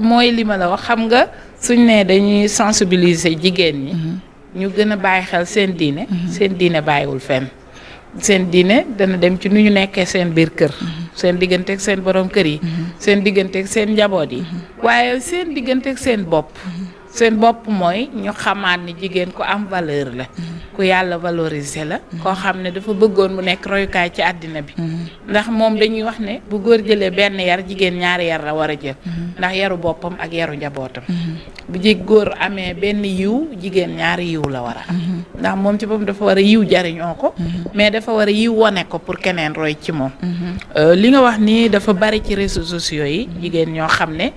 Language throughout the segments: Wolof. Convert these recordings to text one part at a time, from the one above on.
mooy li ma la wax xam nga suñ ne dañuy sensibiliser jigéen ñi mhm. ñu gën a bàyyi xel seen diine mhm. seen diine bàyyiwul fenn seen diine dana dem ci nu ñu nekkee seen biir kër mhm. seen digganteeg seen borom kër yi seen digganteeg seen njaboot yi waaye seen digganteeg seen bopp seen bopp mooy ñu xamaat ni jigéen ku am valeur la ku yàlla valoriser la mhm. koo xam ne dafa bëggoon mu nekk royukaay ci àddina bi mhm. ndax moom dañuy wax ne bu góor jëlee benn yar jigéen ñaari yar la war a jël mhm. ndax yaru boppam ak yaru njabootam bu ji góor amee benn yiw jigéen ñaari yiw la war a am ndax moom ci boppam dafa war a yiw jariñoo ko mais dafa war a yiw wone ko pour keneen roy ci moom euh, li nga wax ni dafa bari ci réseaux sociaux yi jigéen ñoo xam ne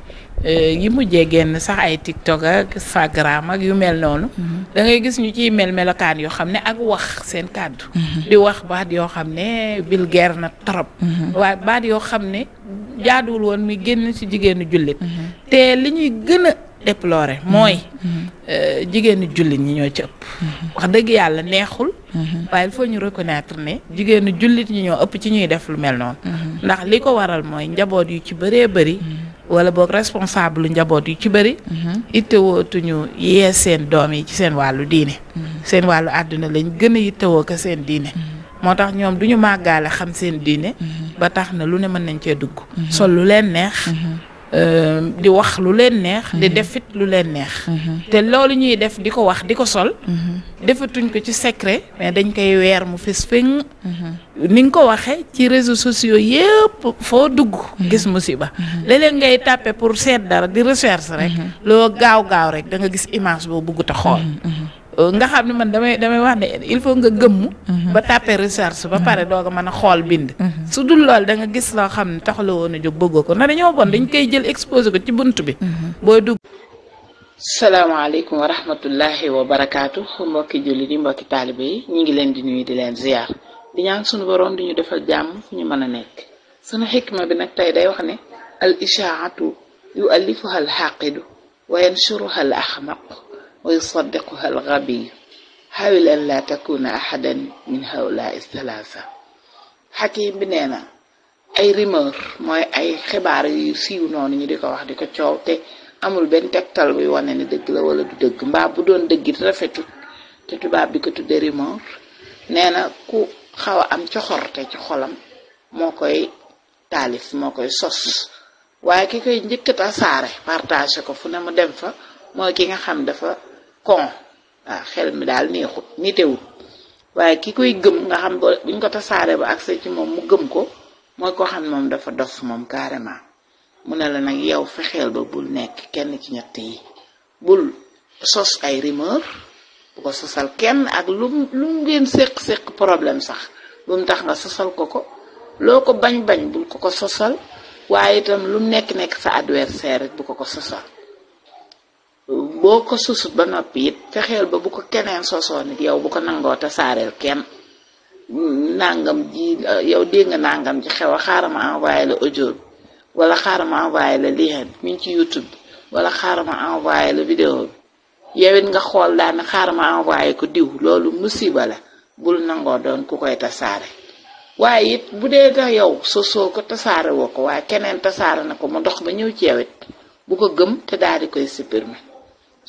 Euh, yi mujjee génn sax ay TikTok ak Instagram ak yu mel noonu. Mhm. da ngay gis ñu ciy mel melokaan yoo xam ne ak wax seen kàddu. Mhm. di wax baat yoo xam ne bill vulgaire na trop. Mhm. waaye baat yoo xam ne jaaduwul woon mi génn ci jigéenu jullit. te li ñuy gën a déplorer mooy. Euh, jigéenu jullit ñi ñoo ci ëpp. dëgg yàlla neexul. waaye il ñu reconnaître ne jigéenu jullit ñi ñoo ëpp ci ñuy def lu mel noonu. ndax li ko waral mooy njaboot yu ci bëree bari wala boog responsable njaboot yu ci bëri. Mhm. ittewootuñu yee seen doom yi ci seen wàllu diine. Mhm. seen wàllu àdduna lañ gën a ittewoo ko seen diine. Mhm. moo tax ñoom duñu màggaale xam seen diine. ba tax na lu ne mën nañ cee dugg. sol lu leen neex. Euh, di wax lu leen neex. di mhm. def it lu leen neex. Mhm. te loolu ñuy def di ko wax di ko sol. Mhm. defatuñ ko ci secret mais dañ koy weer mu fis feng. ni nga ko waxee ci réseaux sociaux yëpp foo dugg. gis musiba. léeg-léeg ngay tàppe pour seet dara di recherche rek. loo gaaw gaaw rek da nga gis image boo bugg ta xool. Euh, nga xamni man damay damay wax ne il faut nga gëm mhm. ba taper recherche ba paré mhm. doog a mën a bind mhm. su dul lol da nga gis lo xamni taxlo wona jog a ko na dañu bon dañ koy jël exposé ko ci buntu bi dug assalamu alaykum wa rahmatullahi wa barakatuh mbokki julli di mbokki talibé ñi ngi leen di nuyu di leen ziar di ñaan sunu borom di ñu defal jamm fu ñu mëna nekk suñu hikma bi nak tay day wax ne al ishaatu yu alifu al xaqidu wa yanshuruha al ahmaq ويصدقها الغبي حاول أن لا تكون أحدا من هؤلاء الثلاثة حكيم bi nee na ay rumeur mooy ay xibaar yu siiw noonu ñu di ko wax di ko coow te amul benn tegtal buy wane ne dëgg la wala du dëgg mbaa bu doon dëggit rafetut te tubaab bi ko tudde rumeur nee na ku xaw a am coxorte ci xolam moo koy taalif moo koy sos waaye ki koy njëkk a tasaare ko fu ne mu dem fa mooy ki nga xam dafa kon ah, xel mi daal neexut nitewut waaye ki koy gëm nga xam buñ ko tasaare ba accès ci moom mu gëm ko mooy ko xam moom dafa dof moom carrément mu ne la nag yow fexeel ba bul nekk kenn ci ñett yi bul sos ay rumeur bu ko sosal kenn ak lu lu ngeen seq seq problème sax bu mu tax nga sosal ko ko loo ko bañ bañ bul ko ko sosal waaye itam lu nekk nekk sa adversaire rek bu ko ko sosal boo ko susut ba noppi it fexeel ba bu ko keneen sosoo nit yow bu ko nangoo te saareel kenn nangam ji yow dégg nangam ji xew a xaaral ma envoyé la audio wala xaaral ma la lien mi ngi ci YouTube bi wala xaaral ma envoyé la vidéo bi it nga xool daal ne xaaral ma envoyé ko diw loolu musiba la bul nangoo doon ku koy tasaare waaye it bu dee da yow sosoo ko tasaare woo ko waaye keneen tasaare na ko mu ndox ba ñëw ci yow bu ko gëm te daal di koy supprimer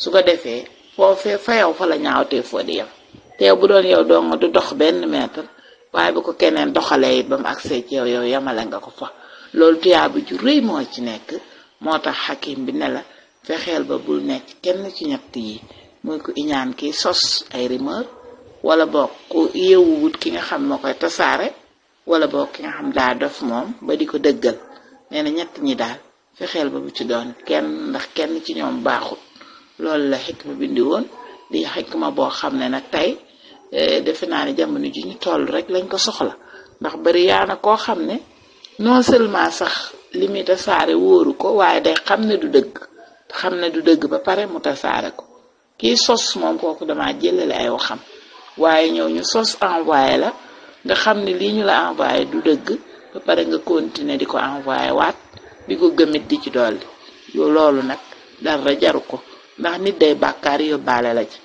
su ko defee foofee fa yow fa la ñaawtee foo di yem teew bu doon yow dong du dox benn mètre waaye bu ko keneen doxalee ba mu agsee ci yow yow yamale nga ko fa loolu tuyaabu ju moo ci nekk moo tax xakim bi ne la fexeel ba bul nekk kenn ci ñett yi muy ko iñaan ki sos ay wala boog ku ki nga xam moo koy tasaare wala boo ki nga xam daa dof moom ba di ko dëggal nee na ñett ñi daal fexeel ba bu ci doon kenn ndax kenn ci ñoom baaxul loolu la xikma bindi woon di ma boo xam ne nag tey eh, defe naa ne jamono ji ñu toll rek lañ ko soxla ndax bari yaa nag koo xam ne non seulement sax li muy tasaare wóoru ko waaye day xam ne du dëgg xam ne du dëgg ba pare mu tasaare ko kii sos moom kooku dama jëlale ay waxam waaye ñëw ñu sos envoyé la nga xam ne lii ñu la envoyé du dëgg ba pare nga continuer di ko envoyé waat di ko gëmit di ci dolli loolu nag dara jaru ko ndax nit day bàkkaar yóbbaale la ci